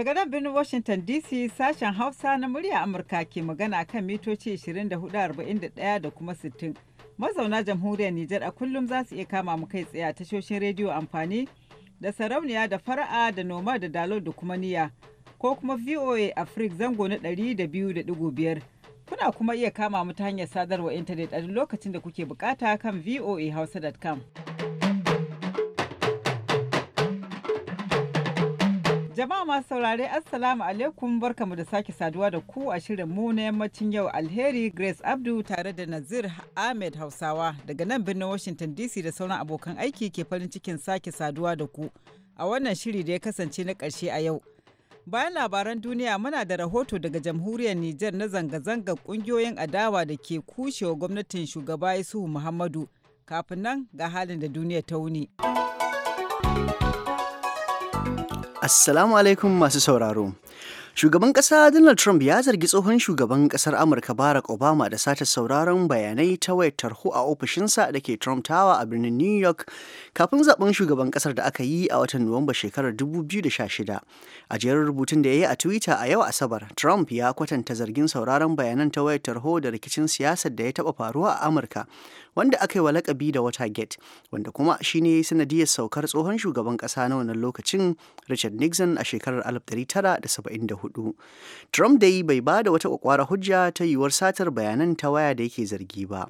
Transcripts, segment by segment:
Daga nan birnin Washington DC sashen Hausa na murya Amurka ke magana kan mitoci 24,41 da kuma 60. Mazauna jamhuriyar Nijar a kullum za su iya kama mu kai tsaye a tashoshin rediyo amfani da sarauniya da fara'a da noma da dalo da kuma niya ko kuma VOA Africa zango na 200.5. Kuna kuma iya kama mu ta hanyar sadarwa intanet a duk lokacin da kuke bukata kan voahausa.com. Jama'a masu saurare Assalamu alaikum barkamu da sake saduwa da ku a shirin mu na yammacin yau alheri Grace Abdu tare da Nazir Ahmed Hausawa daga nan birnin Washington DC da sauran abokan aiki ke farin cikin sake saduwa da ku a wannan shiri da ya kasance na karshe a yau. Bayan labaran duniya muna da rahoto daga jamhuriyar Nijar na zanga-zangar ƙungiyoyin adawa da ke kushewa gwamnatin shugaba Yusufu Muhammadu kafin nan ga halin da duniya ta wuni. Assalamu alaikum masu sauraro. Shugaban ƙasa Donald Trump ya zargi tsohon shugaban ƙasar Amurka Barack Obama da sata sauraron bayanai ta wayar tarho a ofishinsa da ke Trump Tower a birnin New York kafin zaben shugaban ƙasar da aka yi a watan Nuwamba shekarar 2016. A jerin rubutun da ya yi a Twitter a yau Asabar, Trump ya kwatanta zargin sauraron bayanan ta wayar tarho da rikicin siyasar da ya taɓa faruwa a Amurka, wanda aka yi wa lakabi da Watergate wanda kuma shine ne sanadiyar saukar tsohon shugaban ƙasa na wannan lokacin Richard Nixon a shekarar 1974. Trump dai bai ba da wata kwakwara hujja ta yiwuwar satar bayanan ta waya da yake zargi ba.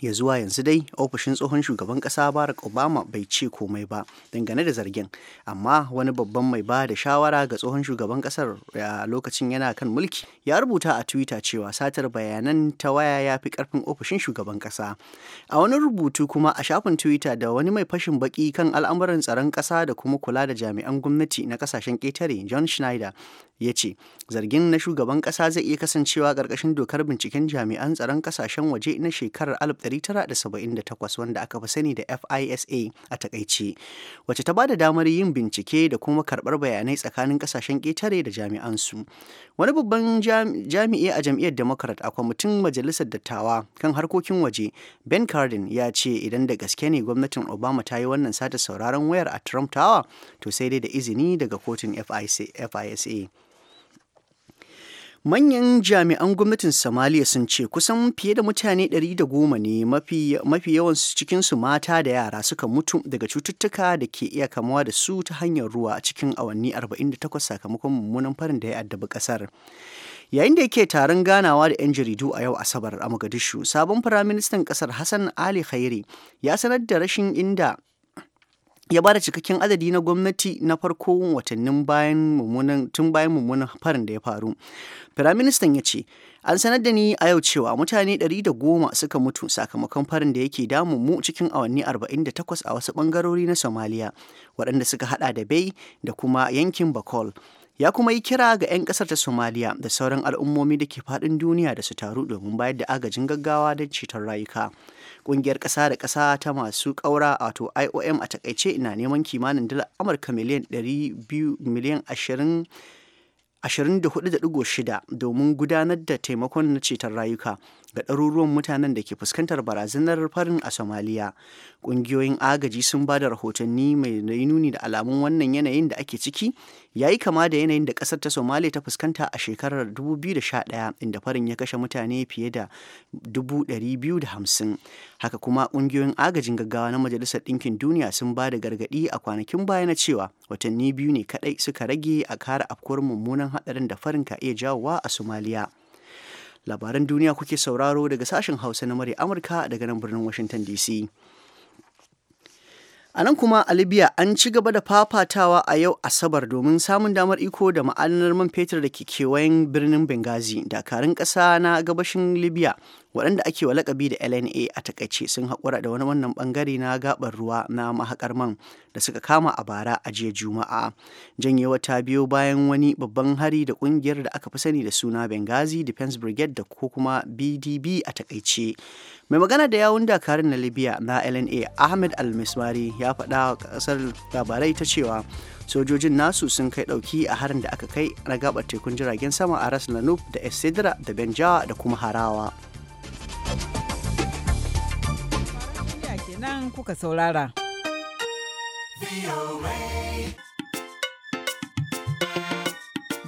ya zuwa yanzu dai ofishin tsohon shugaban kasa barack obama bai ce komai ba dangane da zargin amma wani babban mai ba da shawara ga tsohon shugaban kasar a lokacin yana kan mulki ya rubuta a twitter cewa satar bayanan ta waya ya fi karfin ofishin shugaban kasa a wani rubutu kuma a shafin twitter da wani mai fashin baki kan al'amuran tsaron kasa da kuma kula da jami'an gwamnati na kasashen ƙetare john schneider ya ce zargin na shugaban kasa zai iya kasancewa karkashin dokar binciken jami'an tsaron kasashen waje na shekarar 1978 wanda aka fi sani da FISA a takaice wacce ta bada damar yin bincike da kuma karbar bayanai tsakanin kasashen ketare da jami'an su wani babban jami'i a jam'iyyar Democrat a kwamitin majalisar dattawa kan harkokin waje Ben Cardin ya ce idan da gaske ne gwamnatin Obama ta yi wannan sata sauraron wayar a Trump Tower to sai dai da izini daga kotun FISA. Manyan jami'an gwamnatin Somalia sun ce kusan fiye da mutane 110 ne mafi, yawan cikinsu mata da yara suka mutu daga cututtuka da ke iya kamuwa da su ta hanyar ruwa a cikin awanni 48 sakamakon mummunan farin da ya addabi kasar. Yayin da yake taron ganawa da 'yan jaridu a yau Asabar a Mogadishu, sabon firaministan kasar Hassan Ali Khairi ya sanar da rashin inda ya ba da cikakken adadi na gwamnati na farko watannin bayan mummunan tun bayan mummunan farin da ya faru firaministan ya ce an sanar da ni a yau cewa mutane 110 suka mutu sakamakon farin da yake damun mu cikin awanni 48 a wasu bangarori na somaliya waɗanda suka hada da bai da kuma yankin bakol ya kuma yi kira ga 'yan ƙasar ta somaliya da sauran al'ummomi da ke faɗin duniya da su taru domin bayar da agajin gaggawa don ceton rayuka Kungiyar ƙasa da ƙasa ta masu ƙaura wato IOM a takaice na neman kimanin dala Amurka miliyan 200 miliyan 20 24.6 domin gudanar da taimakon na ceton rayuka ga ɗaruruwan mutanen da ke fuskantar barazanar farin a somaliya ƙungiyoyin agaji sun ba da rahotanni mai nuni da alamun wannan yanayin da ake ciki ya yi kama da yanayin da ƙasar ta somaliya ta fuskanta a shekarar 2011 inda farin ya kashe mutane fiye da 250 haka kuma ƙungiyoyin agajin gaggawa na majalisar ɗinkin duniya sun ba da gargaɗi a kwanakin baya na cewa watanni biyu ne kaɗai suka rage a kara afkuwar mummunan haɗarin da farin ka iya jawowa a somaliya labaran duniya kuke sauraro daga sashen hausa na mare amurka daga nan birnin washington dc a nan kuma a libya an ci gaba da fafatawa a yau asabar domin samun damar iko da ma'adanar man fetur da ke kewayen birnin benghazi dakarun ƙasa na gabashin libya waɗanda ake wa lakabi da lna a takaice sun haƙura da wani wannan bangare na gabar ruwa na mahaƙar man da suka kama a bara a jiya juma'a janyewa ta biyo bayan wani babban hari da ƙungiyar da aka fi sani da suna benghazi defense brigade da ko kuma bdb a takaice mai magana da yawun dakarun na libya na lna ahmed almismari ya faɗa wa ƙasar labarai ta cewa sojojin nasu sun kai ɗauki a harin da aka kai na gabar tekun jiragen sama a ras lanub da essedra da benjawa da kuma harawa nan kuka saurara.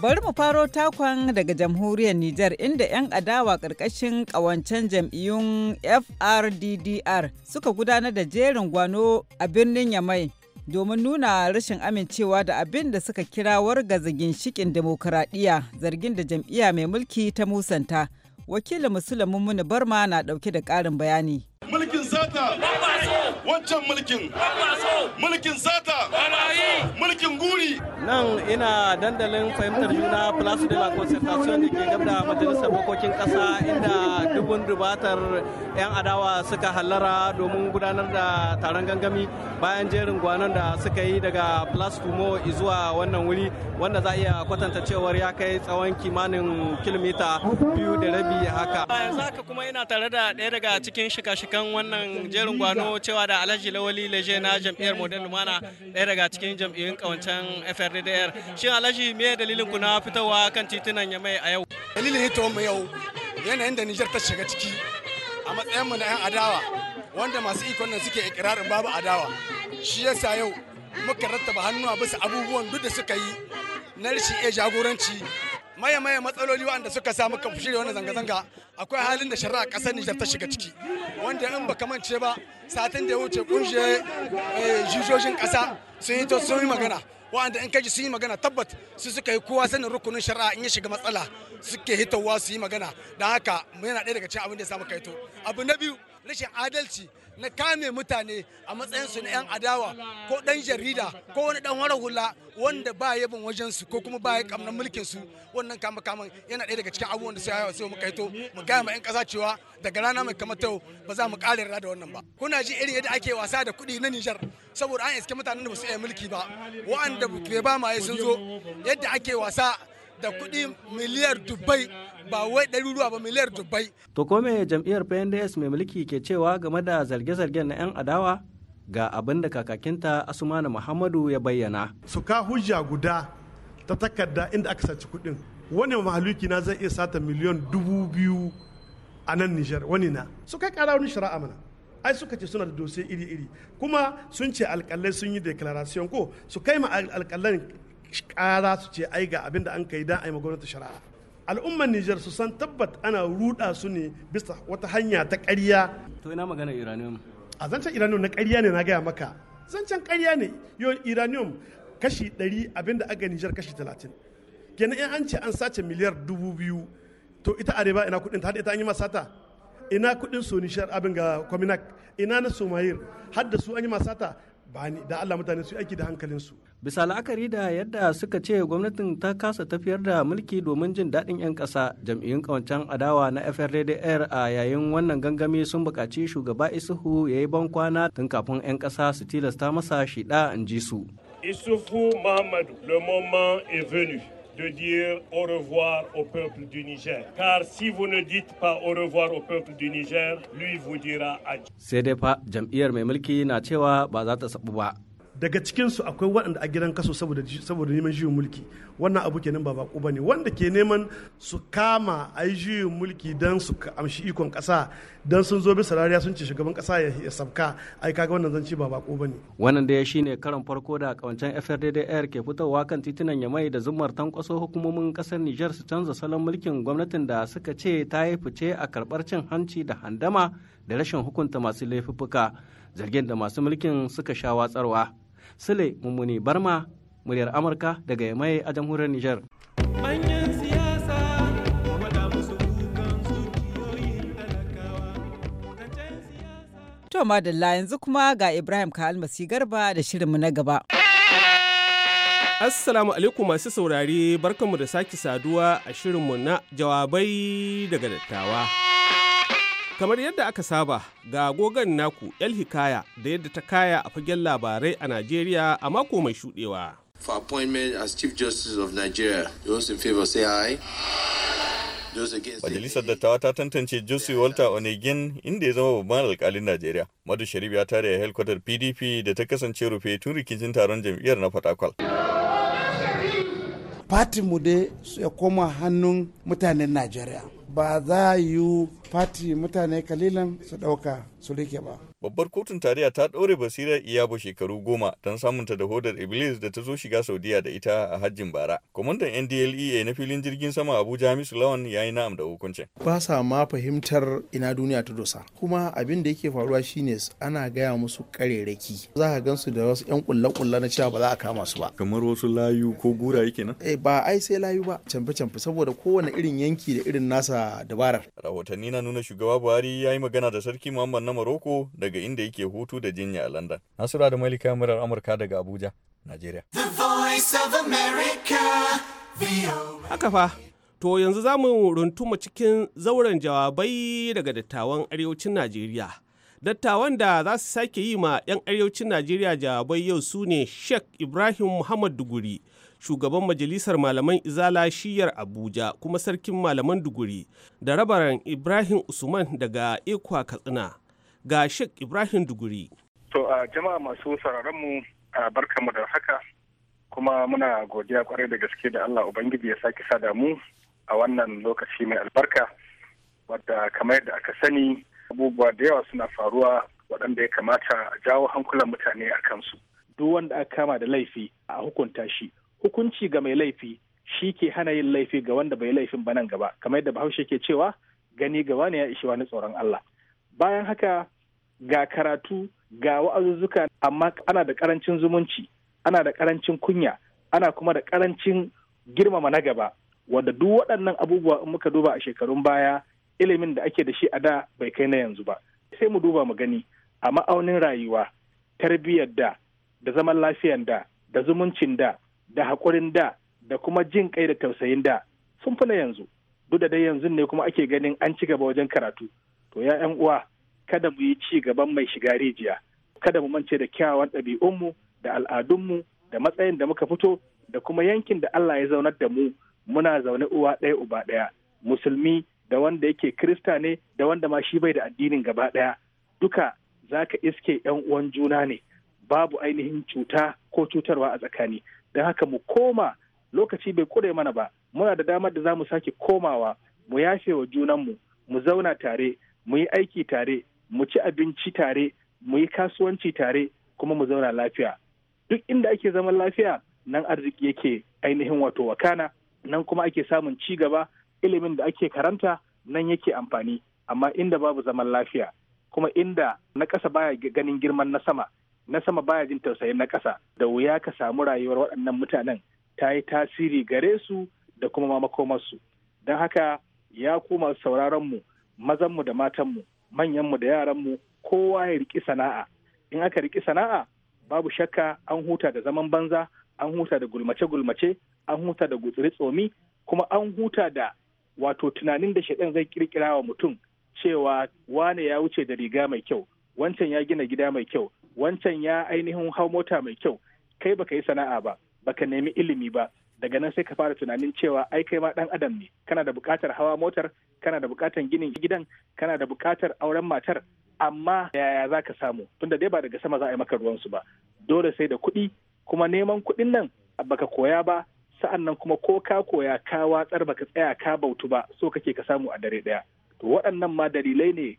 Bari mu faro takon daga jamhuriyar Nijar inda 'yan adawa ƙarƙashin ƙawancen jam'iyyun FRDDR suka gudanar da jerin gwano a birnin Yamai domin nuna rashin amincewa da abin da suka kira wargaza ginshikin demokuraɗiyya zargin da jam'iyya mai mulki ta musanta. Wakilin Musulmin Muni Barma na ɗauke da ƙarin bayani. mulkin sata wancan mulkin mulkin sata mulkin guri nan ina dandalin fahimtar juna place de la concertation da ke gab da majalisar bokokin ƙasa, inda dubun dubatar 'yan adawa suka hallara domin gudanar da taron gangami bayan jerin gwanon da suka yi daga place fumo zuwa wannan wuri wanda za iya kwatanta cewar ya kai tsawon kimanin kilomita biyu da rabi haka yanzu haka kuma ina tare da ɗaya daga cikin shika Kan wannan jerin gwano cewa da alhaji lawali leje na jam'iyyar modern lumana ɗaya daga cikin jam'iyyun kawancen frddr shin alhaji me dalilin ku na fitowa kan titunan yamai a yau dalilin hito mu yau yanayin da nijar ta shiga ciki a matsayin mu na 'yan adawa wanda masu ikon nan suke ikirarin babu adawa shi yasa yau muka rattaba hannuwa a bisa abubuwan duk da suka yi na rashin iya jagoranci Maya maye matsaloli wanda suka samu ka shirya wani zanga-zanga akwai halin da shari'a ƙasar Nijar ta shiga ciki wanda in baka mance ba satin da ya wuce kunshe eh, jijojin ƙasa sun yi sun yi magana wa'anda in kaji sun yi magana tabbat su suka yi kowa sanin rukunin shari'a in ya shiga matsala suke hitowa su yi magana da haka yana ɗaya daga cikin abin da ya samu kaito abu na biyu rashin adalci na kame mutane a matsayin su na 'yan adawa ko ɗan jarida ko wani ɗan wara hula wanda ba ya bin su ko kuma ba ya kamnan su wannan kama kama yana ɗaya daga cikin abubuwan da sai sai mu kaito mu gaya ma 'yan ƙasa cewa daga rana mai kamar tau ba za mu ƙara yarda da wannan ba kuna ji irin yadda ake wasa da kuɗi na Nijar saboda an iske mutanen da ba su iya mulki ba wa'anda ba ma sun zo yadda ake wasa da kuɗi miliyar dubai ba wai ɗaruruwa ba miliyar dubai. To kome jam'iyyar PNDS mai mulki ke cewa game da zarge-zargen na 'yan adawa ga abin da kakakinta Asumana Muhammadu ya bayyana. Su ka hujja guda ta takarda inda aka saci kuɗin. Wani mahaluki na zai iya sata miliyon dubu biyu a nan Nijar wani na. Su kai ƙara wani shari'a mana. ai suka ce suna da dose iri-iri kuma sun ce alkalai sun yi declaration ko su kai ma alkalan kara su ce ai ga abin da an kai dan ai gwamnati shari'a al'ummar Nijar su san tabbat ana ruda su ne bisa wata hanya ta ƙarya to ina magana iranium a zancen iranium na ƙarya ne na gaya maka zancen ƙarya ne yo iranium kashi 100 abin da aka Nijar kashi 30 kenan in an ce an sace miliyar 2000 to ita areba ina kudin ta hada ita an yi masa ta ina kudin su sonishar abin ga kwaminak ina na somayir har da su an yi masata bani da Allah mutane su aiki da hankalinsu. Bisa la'akari da yadda suka ce gwamnatin ta kasa tafiyar da mulki domin jin daɗin 'yan ƙasa jam'iyyun ƙawancen adawa na FRDDR a yayin wannan gangami sun buƙaci shugaba Isuhu ya yi ban kwana tun kafin 'yan ƙasa su tilasta masa shida in ji su. Isuhu Muhammadu, le moment est venu. de dire au revoir au peuple du Niger. Car si vous ne dites pas au revoir au peuple du Niger, lui vous dira adieu. daga cikinsu akwai waɗanda a gidan kaso saboda neman juyin mulki wannan abu kenan ba bako bane wanda ke neman su kama a yi juyin mulki don su amshi ikon ƙasa don sun zo bisa rariya sun ce shugaban ƙasa ya sabka ai kaga wannan ci ba bako bane wannan da ya shine karan farko da kawancen FRDDR ke fitowa kan titunan Yamai da zumar tankwaso hukumomin kasar Niger su canza salon mulkin gwamnatin da suka ce ta yi fice a karbar cin hanci da handama da rashin hukunta masu laifuffuka zargin da masu mulkin suka sha watsarwa Sule Mummuni Barma, muryar Amurka daga Yamai a jamhuriyar Nijar. To madalla yanzu kuma ga Ibrahim ka almasi garba da shirinmu na gaba. Assalamu alaikum masu saurare barkanmu da sake saduwa a shirinmu na jawabai daga dattawa. Kamar yadda aka saba ga gogan naku El Hikaya da yadda ta kaya a fagen labarai a Najeriya a mako mai shudewa. For appointment as Chief Justice of Nigeria, those in favor say aye. Majalisar dattawa ta tantance jose Walter Onegin inda ya zama babban alkalin Najeriya. Madu Sharif ya tare a helkwatar PDP da ta kasance rufe tun rikicin taron jam'iyyar na Fatakwal. Fatinmu dai su ya koma hannun mutanen Najeriya. ba za yi fati mutane kalilan su ɗauka su rike ba babbar kotun tarayya ta ɗaure basirar iyabo shekaru goma don samunta da hodar iblis da ta zo shiga saudiya da ita a hajjin bara kwamandan ndlea na filin jirgin sama abuja hamisu lawan ya yi na'am da hukuncin ba sa ma fahimtar ina duniya ta dosa kuma abin da yake faruwa shine ana gaya musu kareraki za ka gansu da wasu yan kulle-kulle na cewa ba za a kama su ba kamar wasu layu ko gura yake nan eh ba ai sai layu ba canfe-canfe saboda kowane irin yanki da irin nasa dabarar rahotanni na nuna shugaba buhari ya yi magana da sarki muhammad na maroko da daga inda yake hutu da jinya a London. Nasura da Malika murar Amurka daga Abuja, Najeriya. Haka fa, to yanzu za mu runtuma cikin zauren jawabai daga dattawan arewacin Najeriya. Dattawan da za su sake yi ma 'yan arewacin Najeriya jawabai yau su ne Sheikh Ibrahim Muhammad Duguri. shugaban majalisar malaman izala shiyar abuja kuma sarkin malaman duguri da rabaran ibrahim usman daga ikwa katsina ga Sheikh Ibrahim Duguri. To a jama'a masu sauraron mu mu da haka kuma muna godiya kwarai da gaske da Allah Ubangiji ya sake sada mu a wannan lokaci mai albarka wadda kamar yadda aka sani abubuwa da yawa suna faruwa waɗanda ya kamata a jawo hankulan mutane a kansu. Duk wanda aka kama da laifi a hukunta shi. Hukunci ga mai laifi shi ke hana yin laifi ga wanda bai laifin ba nan gaba kamar yadda bahaushe ke cewa gani gaba ne ya ishe wani tsoron Allah. bayan haka ga karatu ga wa'azuzzuka amma ana da karancin zumunci ana da karancin kunya ana kuma da karancin girmama na gaba wanda duk waɗannan abubuwa in muka duba a shekarun baya ilimin da ake da shi a da bai kai na yanzu ba sai mu duba mu gani a ma'aunin rayuwa tarbiyyar da da zaman lafiyar da da zumuncin da da haƙurin da da kuma jin kai da tausayin da sun fi na yanzu duk da dai yanzu ne kuma ake ganin an ci gaba wajen karatu to ya yan uwa kada mu yi ci gaban mai shiga rijiya kada mu mance da kyawawan ɗabi'unmu da al'adunmu da matsayin da muka fito da kuma yankin da Allah ya zaunar da mu muna zaune uwa ɗaya uba ɗaya musulmi da wanda yake krista ne da wanda ma shi bai da addinin gaba ɗaya duka zaka iske yan uwan juna ne babu ainihin cuta ko cutarwa a tsakani don haka mu koma lokaci bai kure mana ba muna da damar da za mu sake komawa mu yafe wa junanmu mu zauna tare mu yi aiki tare mu ci abinci tare mu yi kasuwanci tare kuma mu zauna lafiya duk inda ake zaman lafiya nan arziki yake ainihin wato wakana nan kuma ake samun ci gaba ilimin da ake karanta nan yake amfani amma inda babu zaman lafiya kuma inda na ƙasa baya ganin girman na sama na sama baya jin tausayin na ƙasa da wuya ka samu rayuwar waɗannan mutanen ta yi tasiri gare su da kuma makomarsu don haka ya ku masu sauraron mu mazanmu da matanmu manyanmu da yaranmu kowa ya riki sana'a in aka riki sana'a babu shakka an huta da zaman banza an huta da gulmace-gulmace an huta da gutsiri tsomi kuma an huta da wato tunanin da shaɗan zai kirkira wa mutum cewa wane ya wuce da riga mai kyau wancan ya gina gida mai kyau wancan ya ainihin hau mota mai kyau kai baka yi sana'a ba baka nemi ilimi ba daga nan sai ka fara tunanin cewa ai kai ma dan adam ne kana da buƙatar hawa motar kana da bukatar ginin gidan kana da bukatar auren matar amma yaya za ka samu tunda dai ba daga sama za a yi maka ruwansu ba dole sai da kuɗi kuma neman kuɗin nan baka koya ba sa'an nan kuma ko ka koya ka watsar baka tsaya ka bautu ba so kake ka samu a dare ɗaya to waɗannan ma dalilai ne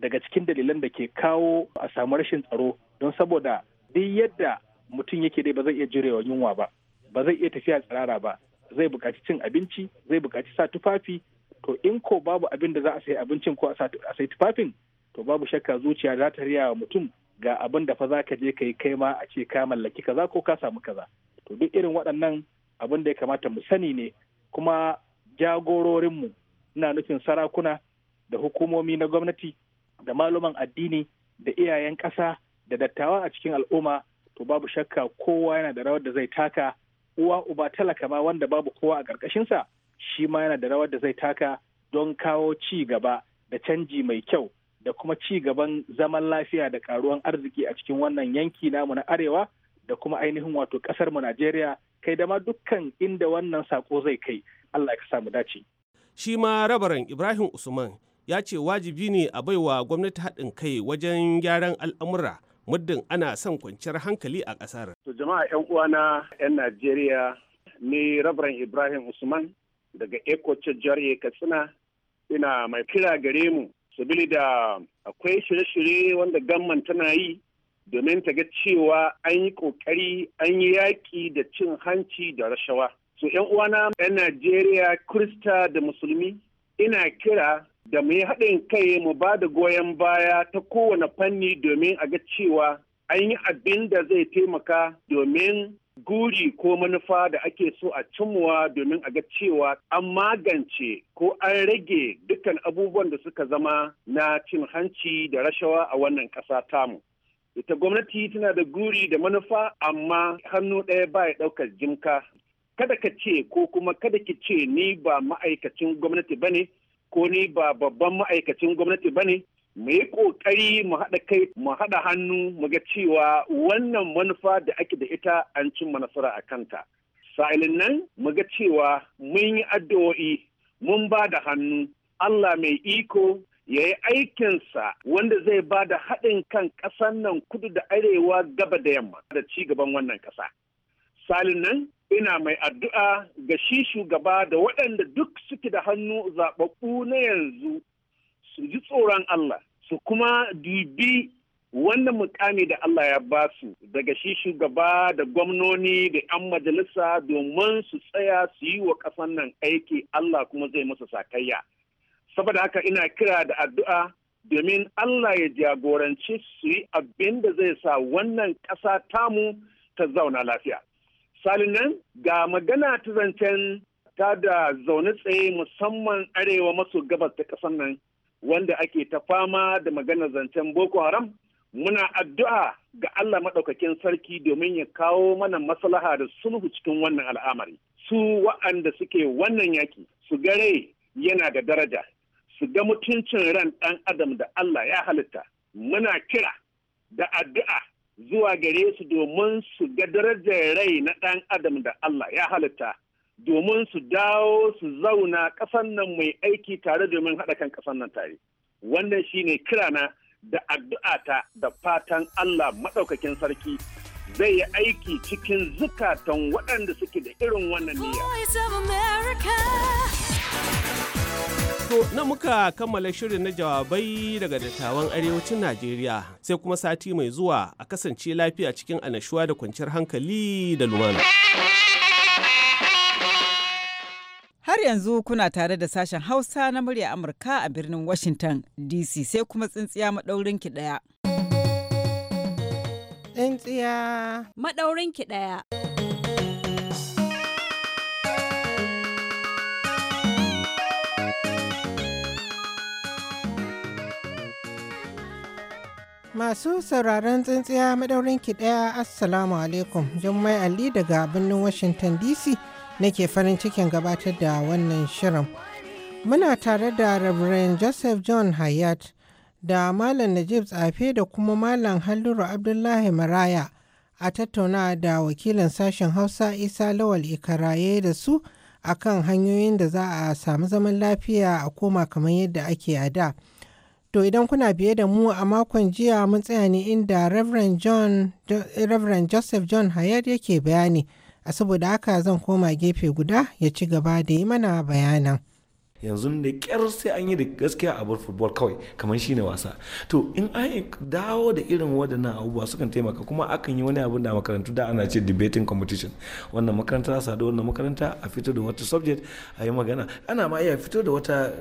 daga cikin dalilan da ke kawo a samu rashin tsaro don saboda duk yadda mutum yake dai ba zai iya jirewa yunwa ba ba zai iya tafiya tsirara ba zai buƙaci cin abinci zai buƙaci sa tufafi to in ko babu abin da za a sayi abincin ko a sayi tufafin to babu shakka zuciya za ta riya wa mutum ga abin da fa za ka je ka yi kai ma a ce ka mallaki kaza ko ka samu kaza to duk irin waɗannan abin da ya kamata mu sani ne kuma jagororinmu ina nufin sarakuna da hukumomi na gwamnati da malaman addini da iyayen ƙasa da dattawa a cikin al'umma to babu shakka kowa yana da rawar da zai taka uwa uba talaka ma wanda babu kowa a ƙarƙashinsa shi ma yana da rawar da zai taka don kawo ci gaba da canji mai kyau da kuma ci gaban zaman lafiya da karuwan arziki a cikin wannan yanki namu na arewa da kuma ainihin wato kasar mu Najeriya kai da ma dukkan inda wannan sako zai kai Allah ya samu dace shi ma rabaran Ibrahim Usman ya ce wajibi ne a baiwa gwamnati haɗin kai wajen gyaran al'amura muddin ana son kwanciyar hankali a ƙasar. To jama'a 'yan uwana 'yan Najeriya ni rabaran Ibrahim Usman daga Ekoce Jare Katsina ina mai kira gare mu sabili da akwai shirye-shirye wanda gamman tana yi domin ta ga cewa an yi kokari an yi yaƙi da cin hanci da rashawa. So ‘yan uwana 'yan Najeriya, kirista da Musulmi, ina kira da mu yi haɗin kai mu ba da goyon baya ta kowane fanni domin a ga cewa an yi abin da zai taimaka domin guri ko manufa da ake so a cimuwa domin a ga cewa an magance ko an rage dukkan abubuwan da suka zama na cin hanci da rashawa a wannan ƙasa tamu. Ita gwamnati tana da guri da manufa amma hannu ɗaya ba ya ɗaukar jimka. Kada ka ce ko kuma kada ki ce ni ba ma'aikacin gwamnati ba ne ko ni ba babban ma'aikacin gwamnati ba ne mu yi ƙoƙari mu haɗa kai mu haɗa hannu mu ga cewa wannan manufa da ake da ita an cimma nasara a kanta. Sa'ilin nan mu ga cewa mun yi addu'o'i mun ba da hannu Allah mai iko ya yi aikinsa wanda zai ba da haɗin kan ƙasan nan kudu da arewa gaba da yamma da ci gaban wannan ƙasa. Salin nan ina mai addu'a ga shi shugaba da waɗanda duk suke da hannu zaɓaɓɓu na yanzu su ji tsoron Allah su kuma dubi wannan mukami da Allah ya ba su daga shi shugaba da gwamnoni da 'yan majalisa domin su tsaya su yi wa ƙasan nan aiki Allah kuma zai masa sakayya. Saboda haka ina kira da addu'a domin Allah ya jagoranci su yi abin da zai sa wannan ƙasa tamu ta zauna lafiya. Salinan ga magana ta zancen ta da zaune tsaye musamman arewa maso gabas ta ƙasar nan wanda ake ta fama da maganar zancen Boko Haram muna addu'a ga Allah maɗaukakin sarki domin ya kawo mana maslaha da sulhu cikin wannan al'amari. Su wa'anda suke wannan yaki su gare yana da daraja, su ga mutuncin ran ɗan adam da Allah ya halitta. Muna kira da addu'a zuwa gare su domin su ga darajar rai na ɗan adam da Allah ya halitta. domin su dawo su zauna ƙasan nan mai aiki tare domin haɗa kan ƙasan nan tare wannan shi ne kirana da addu'ata da fatan Allah maɗaukakin sarki zai yi aiki cikin zukatan waɗanda suke da irin wannan niyya. To na muka kammala shirin na jawabai daga dattawan arewacin Najeriya sai kuma sati mai zuwa a kasance lafiya cikin anashuwa da kwanciyar hankali da lumana. Har yanzu kuna tare da sashen Hausa na murya Amurka a birnin Washington DC sai kuma tsintsiya maɗaurinki ɗaya. Tsintsiya maɗaurinki ɗaya. Masu sauraron tsintsiya maɗaurinki ɗaya Assalamu alaikum, Jummai Ali daga birnin Washington DC. nake farin cikin gabatar da wannan shirin. Muna tare da Reverend Joseph John Hayat da Malam Najib Tsafe da kuma Malam Halluru Abdullahi Maraya a tattauna da wakilin sashen Hausa Isa Lawal Ikaraye da su akan hanyoyin da za a samu zaman lafiya a koma kamar yadda ake a da. To idan kuna biye da mu a makon jiya mun tsaya ne inda Reverend Joseph John Hayat yake bayani. a saboda haka zan koma gefe guda ya ci gaba da yi mana bayanan yanzu da kyar sai an yi da gaskiya a bar football kawai kamar shine wasa to in an dawo da irin waɗannan abubuwa sukan taimaka kuma akan yi wani abin da makarantu da ana ce debating competition wannan makaranta a sadu wannan makaranta a fito da wata subject a yi magana ana ma iya fito da wata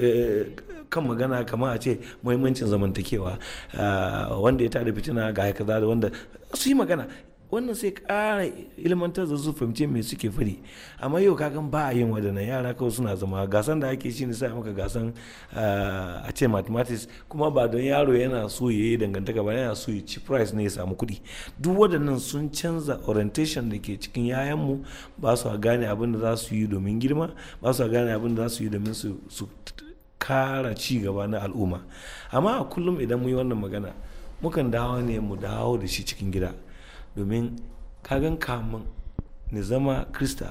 eh, kan magana kamar a ce muhimmancin zamantakewa ah, wanda ya tada fitina ga kaza da wanda su yi magana wannan sai kara ilmantar da su fahimce me suke fari amma yau kagan ba a yin wadannan yara kawai suna zama gasan da ake shi ne sai maka gasan ah, a ce mathematics kuma ba don yaro yana so ya yi dangantaka ba yana so ya ci price ne ya samu kuɗi duk waɗannan sun canza orientation da ke cikin yayanmu ba su gane abin da za su yi domin girma ba su gane abin da za su yi domin su kara ci gaba na al'umma amma a kullum idan mu yi wannan magana mukan dawo ne mu dawo da shi cikin gida domin kagan kamun ne zama krista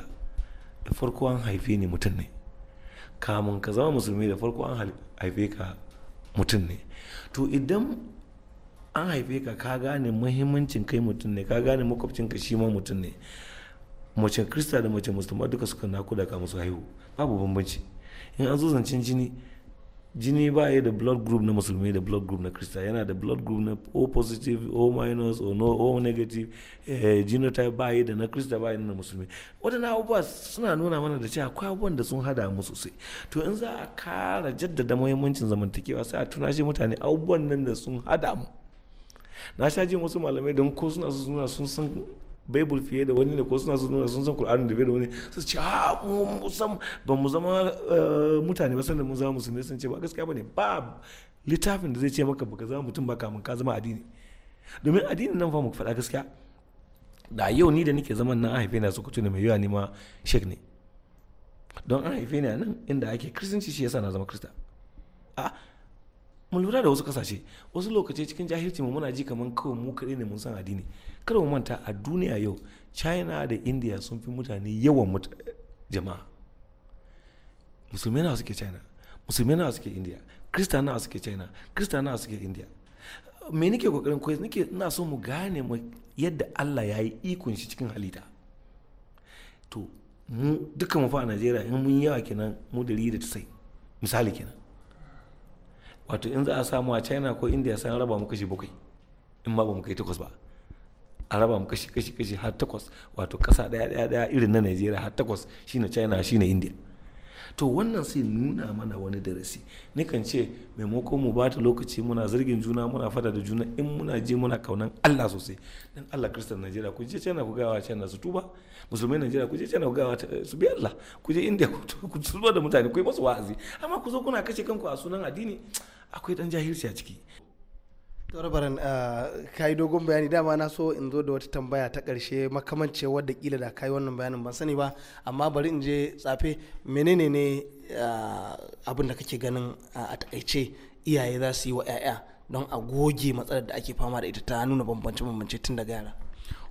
da farko an haife ni mutum ne kamun ka zama musulmi da farko an haife ka mutum ne to idan an haife ka ka gane muhimmancin kai mutum ne ka gane makwabcinka shi ma mutum ne mace krista da mace musulma duka suka nakuda ka musu haihu babu bambanci in an zo zancen jini jini ba ya da blood group na musulmi da blood group na krista yana da blood group na o positive o minus o no o negative eh, genotype ba ya da na krista ba ya na musulmi waɗannan abubuwa suna nuna mana da cewa akwai abubuwan da sun hada mu sosai to in za a kara jaddada muhimmancin zamantakewa sai a tuna shi mutane abubuwan nan da sun hada mu na sha jin wasu malamai don ko suna suna sun san bible fiye da wani ne ko suna sun sun san qur'ani da bai da wani su ce a ah, mu san ba mu zama eh, mutane ba sanda mun zama musulmi sun ce ba gaskiya bane ba littafin da zai ce maka baka zama mutum ba kamun ka zama addini domin addini nan fa mu faɗa gaskiya da yau ni da nake zaman nan haife na sokoto ne mai yawa ne ma shek ne don an haife ni a nan inda ake kristanci shi yasa na zama krista a ah, mun lura da wasu kasashe wasu lokaci cikin jahilci mu muna ji kamar kawai mu kaɗai ne mun san addini kada mu manta a duniya yau china da india sun fi mutane yawan jama'a musulmai nawa suke china musulmai nawa suke india krista nawa suke china krista nawa suke india me nake kokarin koyi nake ina so mu gane mu yadda allah ya yi ikon shi cikin halitta to mu dukkan mu fa a najeriya in mun yawa kenan mu da da sai misali kenan wato in za a samu a china ko india sai raba mu kashi bakwai in ma ba mu kai takwas ba a raba mu kashi kashi kashi har takwas wato kasa daya daya daya irin na nigeria har takwas shine china shine india to wannan sai nuna mana wani darasi kan ce maimakon mu ba ta lokaci muna zargin juna muna fada da juna in muna je muna kaunan Allah sosai dan Allah kristan nigeria ku je China ku gawa wa China su tuba musulmai nigeria ku je China ku gawa wa su bi Allah ku je India ku tuba da mutane ku yi musu wa'azi amma ku zo kuna kashe kanku a sunan addini akwai dan jahilci a ciki taurabaran ah, ka yi dogon bayani dama na so in zo da wata tambaya ta karshe makamance wadda kila da kayi wannan bayanin ban sani ba amma bari in je tsafe menene ne ah, abin da kake ganin ah, a takaice iyaye za su yi wa 'ya'ya don a goge matsalar da ake fama da ita ta nuna bambance-bambance tun daga yara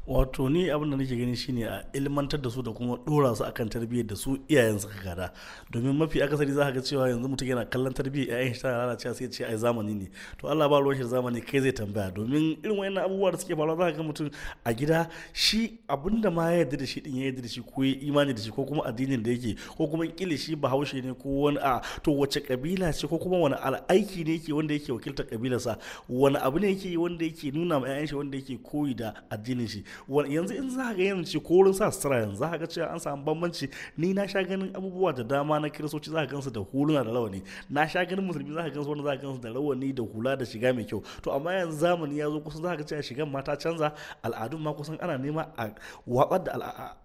wato ni abin da nake gani shine a ilmantar da su da kuma dora su akan tarbiyyar da su iyayen suka gada domin mafi akasari za ka ga cewa yanzu mutum yana kallon tarbiyyar iyayen shi tana lalacewa sai ce ai zamani ne to Allah ba ruwan shi zamani kai zai tambaya domin irin wayannan abubuwa da suke faruwa za ka ga mutum a gida shi abin da ma ya yarda da shi din ya yarda da shi ko ya imani da shi ko kuma addinin da yake ko kuma kila shi bahaushe ne ko wani a to wace kabila ce ko kuma wani al'aiki ne yake wanda yake wakiltar kabilarsa wani abu ne yake wanda yake nuna ma 'ya'yan shi wanda yake koyi da addinin shi yanzu in za ga yanzu ko wurin sa yanzu za ga cewa an samu bambanci ni na sha ganin abubuwa da dama na kiristoci za ka gansu da huluna da rawani na sha ganin musulmi za ka gansu wani za ka gansu da rawani da hula da shiga mai kyau to amma yanzu zamani ya zo kusan za ka cewa shigan ma ta canza al'adun ma kusan ana nema a watsar da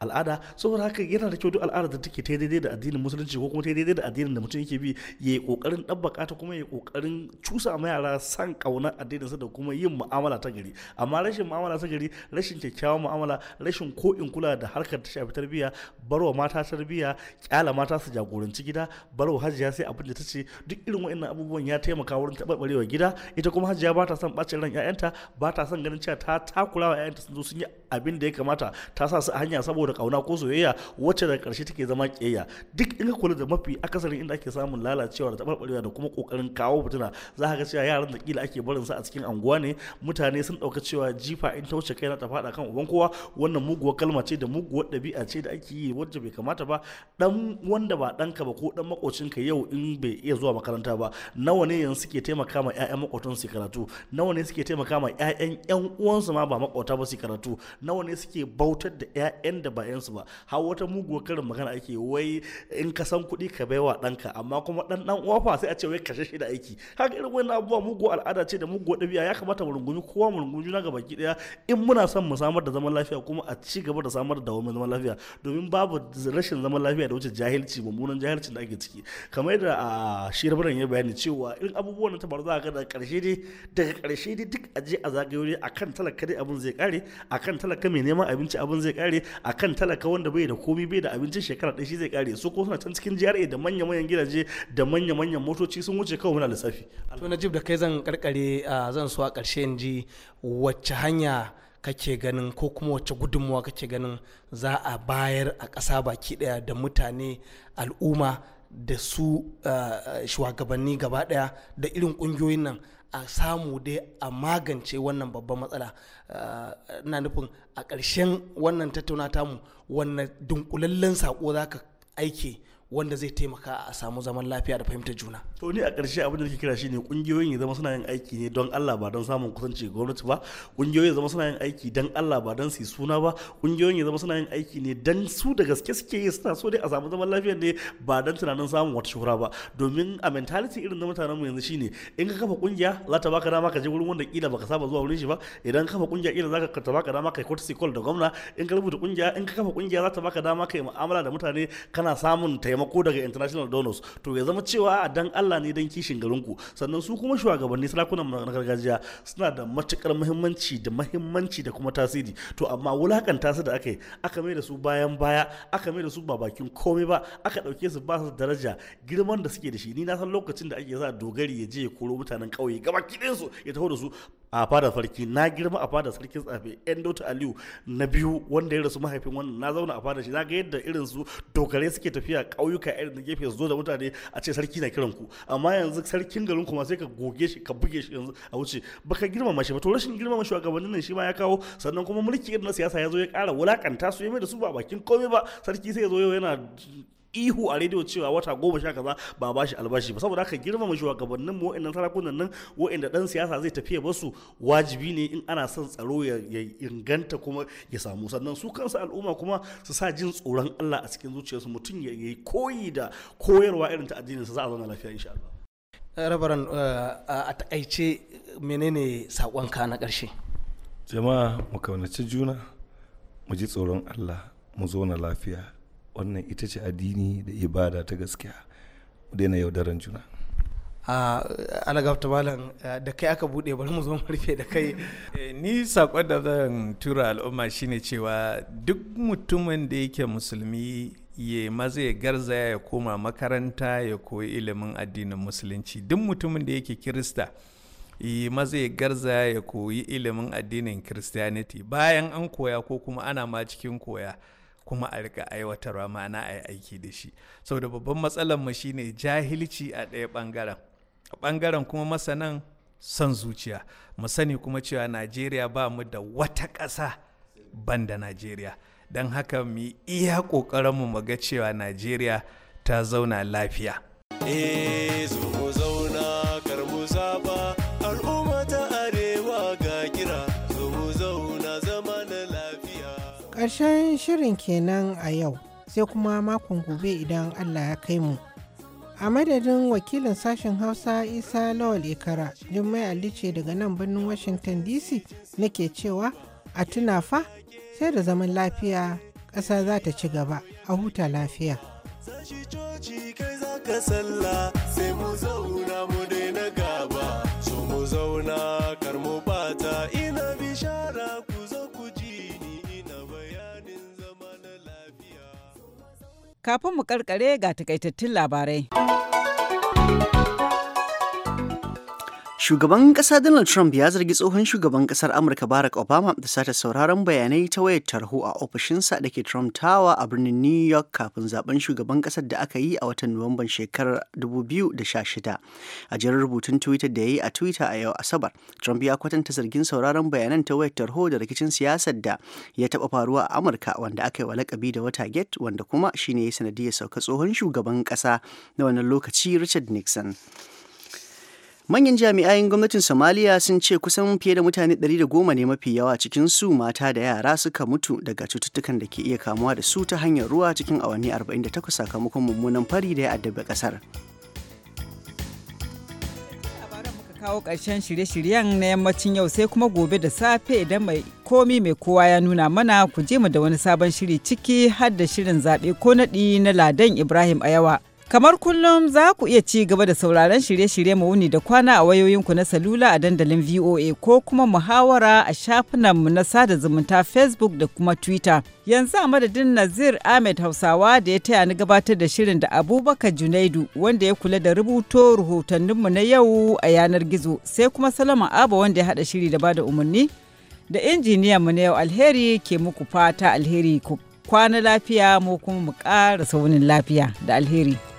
al'ada saboda haka yana da kyau duk al'ada da take ta daidai da addinin musulunci ko kuma ta daidai da addinin da mutum yake bi ya yi kokarin dabbaka ta kuma ya yi kokarin cusa ma yara san kauna addinin su da kuma yin mu'amala ta gari amma rashin mu'amala ta gari rashin kyakkyawan mu'amala rashin ko in kula da harkar ta shafi tarbiyya barwa mata tarbiyya kyala mata su jagoranci gida barwa hajiya sai abin da ta ce duk irin wa'annan abubuwan ya taimaka wurin taɓarɓarewa gida ita kuma hajiya ba ta son ɓacin ran 'ya'yanta ba ta son ganin cewa ta takurawa wa 'ya'yanta sun zo sun yi abin da ya kamata ta sa su a hanya saboda saboda kauna ko soyayya wacce daga karshe take zama kiyayya duk in ka kula da mafi akasarin inda ake samun lalacewa da tabarbarewa da kuma kokarin kawo fitina za ka ga cewa yaran da kila ake barin su a cikin anguwa ne mutane sun dauka cewa jifa in ta wuce kai na ta fada kan uban kowa wannan muguwar kalma ce da muguwar dabi'a ce da ake yi wacce bai kamata ba dan wanda ba ka ba ko dan ka yau in bai iya zuwa makaranta ba nawa ne yanzu suke taimaka ma 'ya'yan makotan su karatu nawa ne suke taimaka ma 'ya'yan 'yan uwansu ma ba makota ba su karatu nawa ne suke bautar da 'ya'yan da ba su ba har wata muguwar karin magana ake wai in ka san kuɗi ka baiwa ɗanka amma kuma ɗan ɗan uwa sai a ce wai kashe shi da aiki haka irin wannan abubuwa mugu al'ada ce da mugu ɗabi'a ya kamata mu rungumi kowa mu rungumi juna baki ɗaya in muna son mu samar da zaman lafiya kuma a ci gaba da samar da dawamin zaman lafiya domin babu rashin zaman lafiya da wuce jahilci mummunan jahilcin da ake ciki kamar da a shirbiran ya bayani cewa irin abubuwan ta bar za ga daga ƙarshe ne daga ƙarshe ne duk a je a zagayoyi akan talaka dai abin zai kare akan talaka mai neman abinci abin zai kare akan kan talaka wanda bai da komi bai da abincin shekara ɗaya shi zai kare su ko suna can cikin jihar da manya-manyan gidaje da manya-manyan motoci sun wuce kawai muna lissafi to Najib da kai zan karkare zan so a ƙarshe in ji wacce hanya kake ganin ko kuma wacce gudunmuwa kake ganin za a bayar a ƙasa baki ɗaya da mutane al'umma da su shugabanni gaba ɗaya da irin ƙungiyoyin nan a samu dai a magance wannan babban matsala ah, ina nufin a ƙarshen wannan tattauna tamu wannan dunkulallen sako za ka aike wanda zai taimaka a samu zaman lafiya da fahimtar juna. To ni a ƙarshe abin da nake kira shine kungiyoyin ya zama suna yin aiki ne don Allah ba don samun kusanci ga gwamnati ba, kungiyoyin ya zama suna yin aiki don Allah ba don su suna ba, kungiyoyin ya zama suna yin aiki ne don su da gaske suke yi suna so dai a samu zaman lafiya ne ba don tunanin samun wata shuhura ba. Domin a mentality irin na mutanen mu yanzu shine in ka kafa kungiya za ta baka dama ka je wurin wanda kila baka saba zuwa wurin shi ba, idan ka kafa kungiya kila za ka ta baka dama yi courtesy call da gwamna, in ka rubuta kungiya in ka kafa kungiya za ta baka dama yi mu'amala da mutane kana samun taimako taimako daga international donors to ya zama cewa a dan Allah ne dan kishin garin ku sannan su kuma shugabanni sarakunan na gargajiya suna da matukar muhimmanci da muhimmanci da kuma tasiri to amma wulakanta su da aka yi aka mai da su bayan baya aka mai da su ba bakin komai ba aka dauke su ba su daraja girman da suke da shi ni na san lokacin da ake sa dogari ya je ya koro mutanen kauye gaba kiɗin su ya taho da su a fada sarki na girma a fada sarkin tsafe yan dauta aliyu na biyu wanda ya rasu mahaifin wannan na zauna a fada shi na ga yadda irin su dogare suke tafiya ƙauyuka irin na gefe su zo da mutane a ce sarki na kiran ku amma yanzu sarkin garin kuma sai ka goge shi ka buge shi yanzu a wuce baka girma shi ba to rashin girmama shugabannin nan shi ma ya kawo sannan kuma mulki irin na siyasa ya zo ya ƙara wulakanta su ya mai da su ba bakin komai ba sarki sai ya zo yau yana ihu a rediyo cewa wata goma sha kaza ba ba shi albashi ba saboda haka girmama shugabannin mu wa'annan sarakunan nan wa'anda dan siyasa zai tafiya basu wajibi ne in ana son tsaro ya inganta kuma ya samu sannan su kansu al'umma kuma su sa jin tsoron Allah a cikin zuciyarsu mutum ya yi koyi da koyarwa irin ta addinin sa za a zauna lafiya insha Allah eh, rabaran eh, a takaice menene sakonka na karshe jama'a mu kaunaci juna mu ji tsoron Allah mu zo na lafiya wannan ita ce addini da ibada ta gaskiya daina yaudaran juna Alagabta malam eh, da kai aka bude bari mu zo mu rufe da kai eh, ni sakon da zan tura al'umma shine cewa duk mutumin da yake musulmi ya maza ya garza ya koma makaranta ya koyi ilimin addinin musulunci duk mutumin da yake kirista ya maza ya garza ya koyi ilimin addinin christianity bayan an koya ko kuma ana ma cikin koya kuma a rika aiwatarwa ma'ana a yi aiki da shi saboda babban matsalar mu shine jahilci a ɗaya ɓangaren ɓangaren kuma masanan son zuciya mu sani kuma cewa najeriya ba mu da wata ƙasa ban da najeriya don haka mu iya ƙoƙarinmu mu ga cewa najeriya ta zauna lafiya eh, Ƙarshen shirin kenan a yau sai kuma makon gobe idan Allah ya kai mu. A madadin wakilin sashen Hausa Isa Lawal Ikara, Jummai alice daga nan birnin Washington DC nake cewa a tuna fa sai da zaman lafiya ƙasa za ta ci gaba a huta lafiya. sai mu zauna mu daina gaba, so mu zauna kar mu bata Kafin mu karkare ga takaitattun labarai. Shugaban ƙasa Donald Trump ya zargi tsohon shugaban ƙasar Amurka Barack Obama da sata sauraron bayanai ta wayar tarho a ofishinsa da ke Trump Tower a birnin New York kafin zaben shugaban ƙasar da aka yi a watan Nuwamban shekarar 2016. A jirar rubutun Twitter da ya yi a Twitter a yau Asabar, Trump ya kwatanta zargin sauraron bayanan ta wayar tarho da rikicin siyasar da ya taɓa faruwa a Amurka wanda aka yi wa lakabi da Watergate wanda kuma shine ya sanadiyar sauka tsohon shugaban ƙasa na wannan lokaci Richard Nixon. Manyan jami'ayin gwamnatin Somaliya sun ce kusan fiye da mutane 110 ne mafi yawa cikin su mata da yara suka mutu daga cututtukan da ke iya kamuwa da su ta hanyar ruwa cikin awanni 48 sakamakon mummunan fari da ya addabi kasar. kawo ƙarshen shirye-shiryen na yammacin yau sai kuma gobe da safe idan mai komi mai kowa ya nuna mana ku je mu da wani sabon shiri ciki har da shirin zaɓe ko naɗi na ladan ibrahim a yawa Kamar kullum za ku iya ci gaba da sauraron shirye-shirye mu wuni da kwana a wayoyinku na salula a dandalin VOA ko kuma muhawara a shafinan mu na sada zumunta Facebook da kuma Twitter. Yanzu a madadin Nazir Ahmed Hausawa da ya taya ni gabatar da shirin da Abubakar Junaidu wanda ya kula da rubuto rahotanninmu na yau a yanar gizo sai kuma Salama Aba wanda ya haɗa shiri da bada umarni da injiniyan mu na yau alheri ke muku fata alheri ku kwana lafiya mu kuma mu ƙara saunin lafiya da alheri.